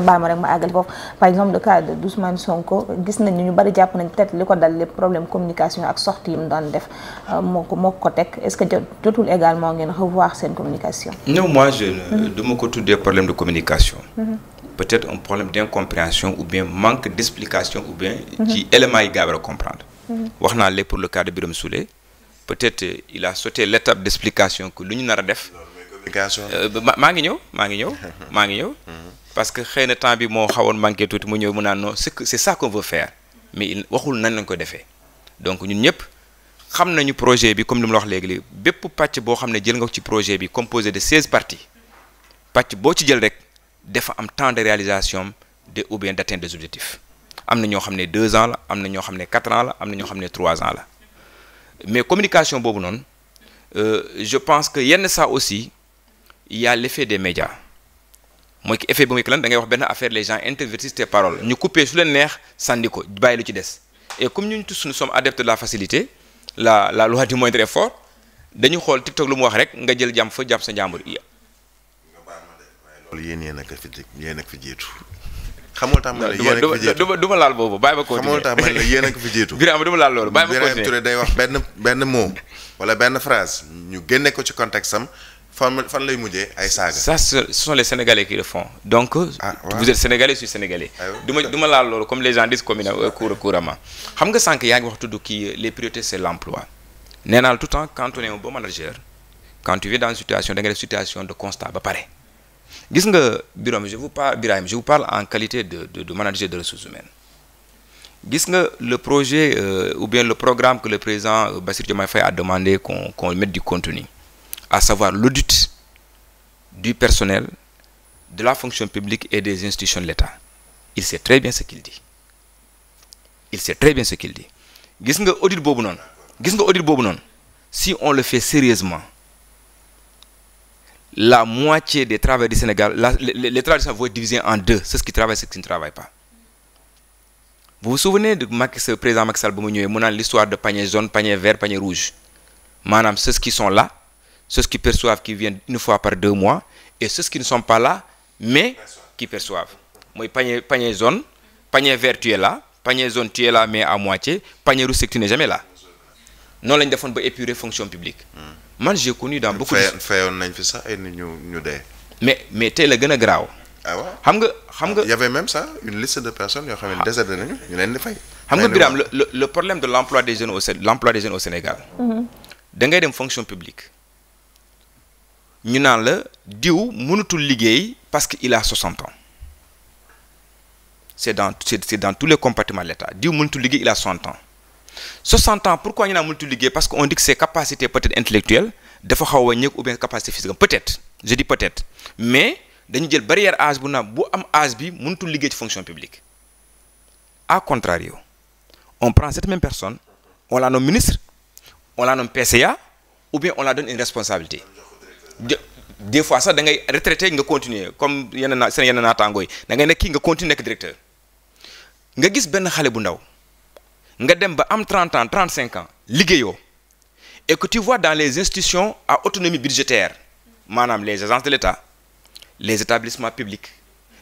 baal ma rek ma àggali foofu par exemple le cas de Ousmane Sonko gis nañ ñu bari jàpp nañ peut-être ko dal problème communication ak sortie yi mu daan def euh, ma ko tuddee mm-hmm. problème de communication. Mm-hmm. peut-être un problème d'incompréhension ou bien mm-hmm. a comprendre. de Birame Souleye peut euh, a a euh, maa ngi ñëw maa ngi ñëw maa ngi ñëw. parce que xëy na temps bi moo xawoon manqué tuuti mu ñëw mu naan non c'est c'est mais il waxul nañ ko defee donc ñun ñëpp xam nañu projet bi comme li mu la wax léegi bépp pàcc boo xam ne jël nga ko ci projet bi composé de seize partie pàcc boo ci jël rek dafa am temps de réalisation de ou bien d'atteinte de objectifs am na ñoo xam ne deux ans la am na ñoo xam ne quatre ans la am na ñoo xam ne trois ans la mais communication boobu noonu euh, je pense que yenn saa aussi yàlla y a l'effet mooy ki effet bi mooy que lan da ngay wax benn affaire les gens intervertissent tes paroles ñu coupé su leen neex sànni ko bàyyi lu ci des et comme ñun tous nous sommes adeptes la facilité la la loi du moindre effort dañu xool TikTok lu mu wax rek nga jël jàmm fa jàpp sa njàmbur iya. loolu yéen yéen a fi yéen a fi jiitu. xamul tax man la yéen a fi jiitu du ma laal boobu bàyyi ma continuer xamul tax man yéen a fi jiitu. Birame du ma laal loolu bàyyi ma continuer Birame day wax benn benn mot wala benn phrase ñu génne ko ci contexte fan fan lay mujjee ay saaga. ça ce sont les sénégalais qui le font donc. ah waaw vous êtes sénégalais je suis sénégalais. Ah, du ma du ma laal loolu comme les gens disent commune euh, cour couramment. xam nga sànq yaa ngi wax tudd kii euh, les priorités c' est l' emploi nee naa tout le temps quand on est un bon manager quand tu vis dans une situation da nga def situation de constat ba pare. gis nga Birame je vous parle Birame je vous parle en qualité de de de manager de ressources humaines gis nga le projet euh, ou bien le programme que le président euh, Bassirou Diomaye Faye a demandé qu'on qu'on mette du contenu. à savoir l'audit du personnel, de la fonction publique et des institutions de l'État. Il sait très bien ce qu'il dit. Il sait très bien ce qu'il dit. Gis nga audit boobu noonu gis nga audit boobu noonu si on le fait sérieusement la moitié des travailleurs du Sénégal la les, les travailleurs vont être en deux ceux qui travaillent ceux qui ne travaillent pas. Vous vous souvenez de Macky Sall président Macky Sall ba mu ñëwee mu naan l'histoire de panier jaune panier vert panier rouge maanaam ceux qui sont là. ceux qui perçoivent qui viennent une fois par deux mois et ceux qui ne sont pas là mais qui perçoivent mooy panier pañe zone panier vert tu es là zone tu es mais à mois panier rouge tu n'es jamais là noonu lañ defoon ba épurer fonction publique hmm. man j'ai connu dans beaucoup de fayoon nañ fi sax ay nit ñu ñu dee mais mais tey la gën a graaw ah xam nga xam nga ah, y avait même ça une liste de personnes yoo xam ne déserté nañu ñu leen di fay xam nga Birame le le des jeunes au l'emploi des jeunes au Sénégal mhm. da ngay dem fonction publique ñu naan la diw mënatul liggéey parce que il a 60 ans c'est dans c'est c'est dans tous les compartiments de l'État diw mënatul liggéey il a 60 ans 60 ans pourquoi ñu naan mënatul liggéey parce que on dit que ses capacités peut-être intellectuelles dafa xaw a wàññeeku ou bien capacité physique peut-être je dis peut-être mais dañu jël barrière âge bu na bu am âge bi mënatul liggéey ci fonction publique à contrario on prend cette même personne on la nomme ministre on la la donne une responsabilité des fois sax da ngay retraité nga continuer comme yenn naa seen yenn naataangoo yi da ngay nekk kii nga continuer nekk directeur nga gis benn xale bu ndaw nga dem ba am 30 ans cinq ans liggéeyoo et que tu vois dans les institutions à autonomie budgétaire maanaam les agences de l'État les établissements publics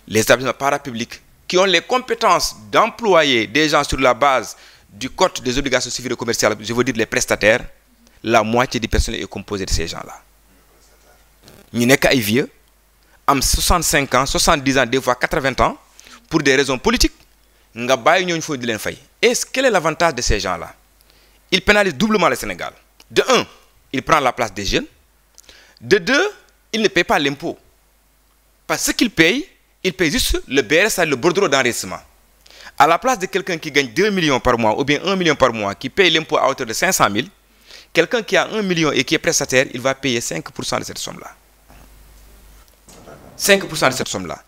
les établissements parapublics qui ont les compétences d'employer des gens sur la base du code des obligations civiles et commerciales je veux dire la ñu nekk ay vieux am 65 ans 70 ans des fois vingt ans pour des raisons politiques nga bàyyi ñooñu foofu di leen fay et quel est l'avantage de ces gens-là ils pénalisent doublement le Sénégal de il prend la place des jeunes de deux il ne paie pas l'impôt parce que ce qu'il paye il paye juste le BRS le bordereau d'enregistrement à la place de quelqu'un qui gagne 2 par mois ou bien million par mois qui paye l'impôt à hauteur de quelqu'un qui a 1 5 pour cent de cette somme là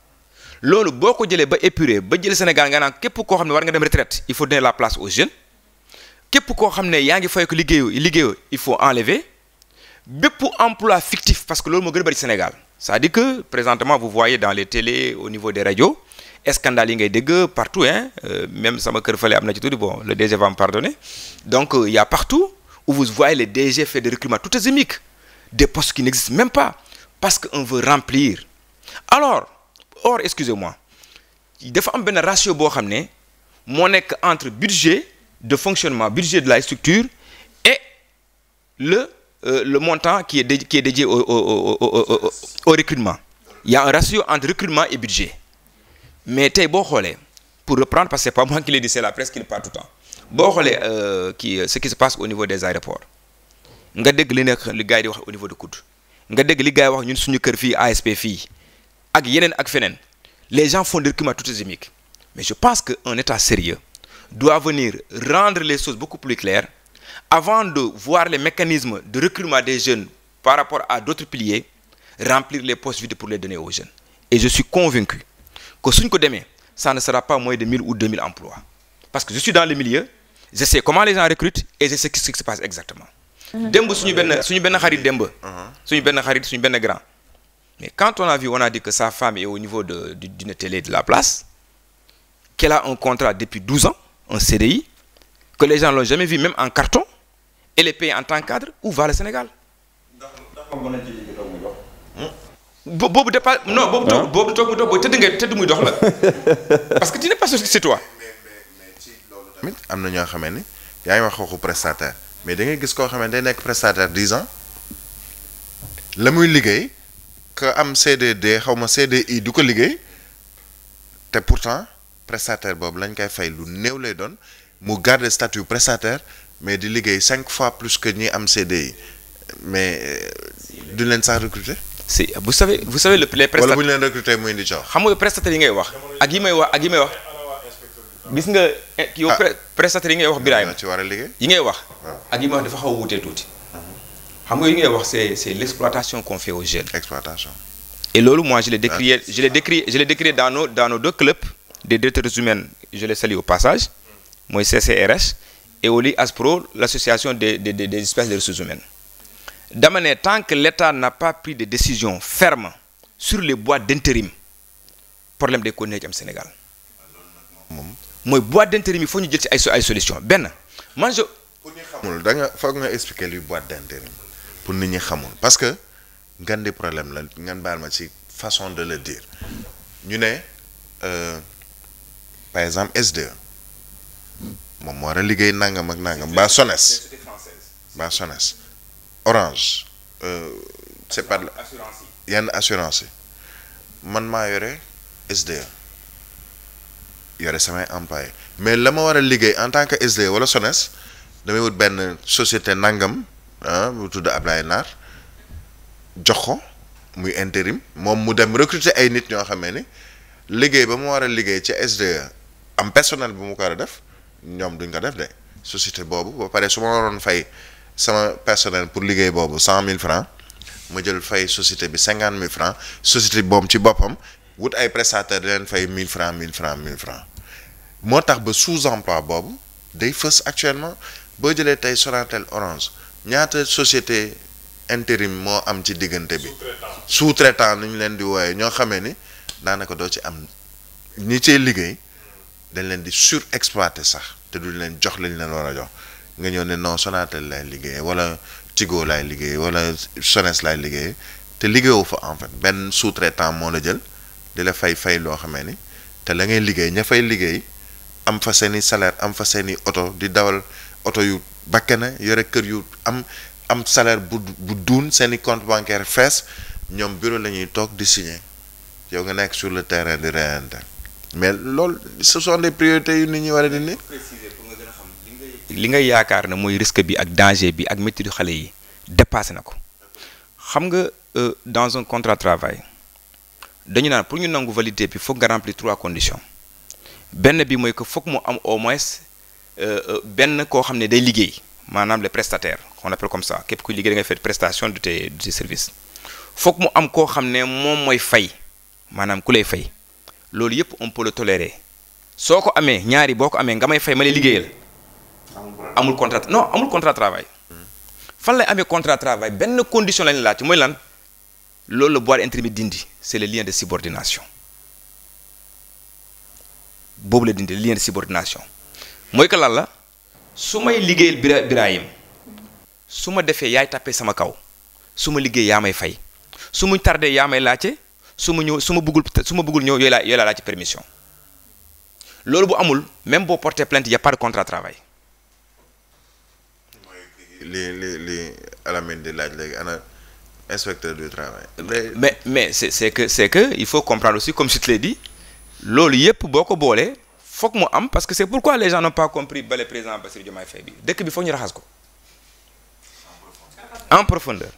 loolu boo ko jëlee ba épuré ba jël Sénégal nga naan képp koo xam ne war nga dem retraite il faut donner la place aux jeunes képp koo xam ne yaa ngi fay ko liggéeyu liggéeyu il faut enlever bépp emploi fictif parce que loolu moo gën a bëri Sénégal c'est-à-dire que présentement vous voyez dans les télés au niveau des radios scandale yi ngay dégg partout hein euh, même sama kër fale am na ci tuuti bon le DG va me pardonner donc euh, il partout où vous voyez les DG fait des recrutements tout azimuts des postes même pas parce que on veut remplir alors or excusez-moi dafa am benn ratio boo xam ne moo nekk entre budget de fonctionnement budget de la structure et le euh, le montant qui est dédié, qui est dédié au, au, au, au recrutement il y un ratio entre recrutement et budget mais tey boo xoolee pour reprendre parce que c'est pas moi qui l'ai dit c'est la presse qui le tout temps boo xoolee kii euh, euh, ce qui se passe au niveau des aéroports nga dégg li nekk li gars yi di wax au niveau de COUD nga dégg li gars yi wax ñun suñu kër fii ASP fii ak yeneen ak feneen les gens font des documents totémiques mais je pense que un état sérieux doit venir rendre les choses beaucoup plus claires avant de voir les mécanismes de recrutement des jeunes par rapport à d'autres piliers remplir les postes vides pour les donner aux jeunes et je suis convaincu que suñ ko demee ça ne sera pas moins de 1000 ou 2000 emplois parce que je suis dans le milieu je sais comment les gens mmh. suñu benn suñu benn mmh. suñu benn xarit suñu benn grand Mais quand on a vu, on a dit que sa femme est au niveau d'une télé de la place, qu'elle a un contrat depuis 12 ans, un CDI, que les gens ne jamais vu, même en carton, et les paye en tant que cadre, où va le Sénégal boobu départ non boobu toog boobu toog mu tëdd nga tëdd muy dox la parce que tu n'es pas ci loolu am na ñoo xamee ni yaa ngi wax waxu prestataire mais dangay gis koo xamee day nekk prestataire 10 ans la muy liggéey. ak am d xaw ma CDI du ko liggéey te pourtant prestataire boobu lañ koy fay lu néew lay doon mu garder statut prestataire mais di liggéey cinq fois plus que ñi am CDI mais euh, duñ leen sax recruter. si vous savez vous savez le les wala bu ñu leen recruter muy indi jox. xam nga prestataire yi ngay wax. ak yi may wax ak yi may wax. gis nga. Eh, yow ah. prestataire yi ngay wax Birahima. Ah, ci war a liggéey yi ngay wax. Ah. ak yi may dafa xaw a wuutee tuuti. xam nga li ngay wax c'est c'est l'exploitation qu'on fait aux jeunes. exploitation. et loolu moi je l'ai décrié je l'ai décrié je l'ai décrié dans nos dans nos deux clubs des directeurs humains je salue au passage mooy CCRS et Oli Aspro l'association des des des espèces de ressources humaines. dama ne tant que l'État n'a pas pris de décision ferme sur les boîtes d'intérim problème day continuer ci am Sénégal mooy boîte d'intérim yi foo ñu jël ay solution benn man je. ku xamul da nga foog nga expliquer luy boîte d'intérim. pour nit ñi xamul parce que ngan di problème la ngan baal ma ci façon de le dire ñu ne euh, par exemple SDE moom moo war a liggéey nangam ak nangam mbaa SONES mbaa SONES orange euh, c'est par là yenn assurance man maa yore SDE yore samay employé mais la ma war a liggéey en tant que SDE wala SONES damay wut benn société nangam ah mu tudd Ablaye Naar jox ko muy intérim moom mu dem recruter ay nit ñoo xamee ni liggéey ba mu war a liggéey ci SDE am personnel bu mu ko war a def ñoom duñ ko def de société boobu boo pare su ma waroon fay sama personnel pour liggéey boobu cent mille francs ma jël fay société bi cinquante mille francs société boobu ci boppam wut ay prestataire di leen fay mille francs mille francs mille francs moo tax ba sous emploi boobu day fës actuellement boo jëlee tey Sonatel Orange ñaata société intérim moo am ci diggante bi sous-traitant nu ñu leen di wooye ñoo xamee ni daanaka doo ci am ñi cee liggéey dañ leen di surexploité sax te duñ leen jox lañ leen war a jox nga ñëw ne non Sonatel laay liggéey wala Tigo laay liggéey wala Sones laay liggéey te liggéeyu fa en fait benn sous-traitant moo la jël di la fay fay loo xamee ni te la ngay liggéey ña liggéey am fa seen i salaire am fa seeni i oto di dawal oto yu bakkane yore kër yu am am salaire bu bu duun seeni i compte bancaire fees ñoom bureau la ñuy toog di signer yow nga nekk sur le terrain di reyante mais lool ce sont des priorités yu nit ñuy war a dindi. li ngay. yaakaar ne mooy risque bi ak danger bi ak métti du xale yi dépassé na ko xam nga euh, dans un contrat de travail dañu naan pour ñu nangu validité bi foog nga remplir trois conditions benn bi mooy ko foog mu am au moins. Euh, euh, benn koo xam ne day liggéey maanaam le prestataire on appelle comme ça képp kuy liggéey da ngay prestation de tes de tes services foog mu am koo xam ne moom mooy fay maanaam ku lay fay loolu yëpp on peut le soo ko amee ñaari boo ko amee nga may fay ma lay liggéeyal. amul contra non amul contra travail. fan lay amee contrat travail benn condition lañ laaj mooy lan loolu la boîte intérim dindi c'est le lien de subordination boobu la dindi le subordination. mooy que lan la su may liggéeyal Bira Birahim su ma defee yaay tàppee sama kaw su ma liggéey yaa may fay su mu tardé yaa may laajte su ma ñëw su ma bëggul su ma bëggul ñëw yooyu laa yooyu laa laajte permission loolu bu amul même boo porté plainte y a pas de contrat travail. li li li Alamine di laaj léegi ana inspecteur du travail. mais mais c'est c'est que c'est que il faut comprendre aussi comme je te l'ai loolu yëpp boo ko boolee. foog mu am parce que c'est pourquoi les gens n'ont pas compris bale président Bassirou Diomaye Faye bi dëkk bi foog ñu raxas ko en profondeur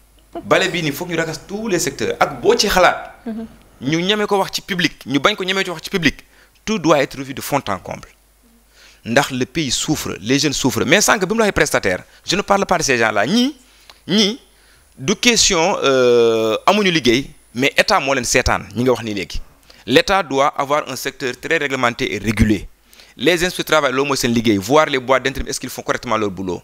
bale bii nii foog ñu raxas tous les secteurs ak boo ci xalaat ñu ñeme ko wax ci public ñu bañ ko ñemee ci wax ci public tout doit être revu de fond en comble ndax le pays souffre les jeunes souffrent mais sànq bi mu la waxee prestataire je ne parle pas de ces gens là ñii du question euh, amuñu liggéey mais état moo leen seetaan ñi nga wax nii léegi l' état doit un secteur très réglementé et régulé les inspecteurs du travail loolu mooy seen liggéey voir les boîtes d'intérim est-ce qu'ils font correctement leur boulot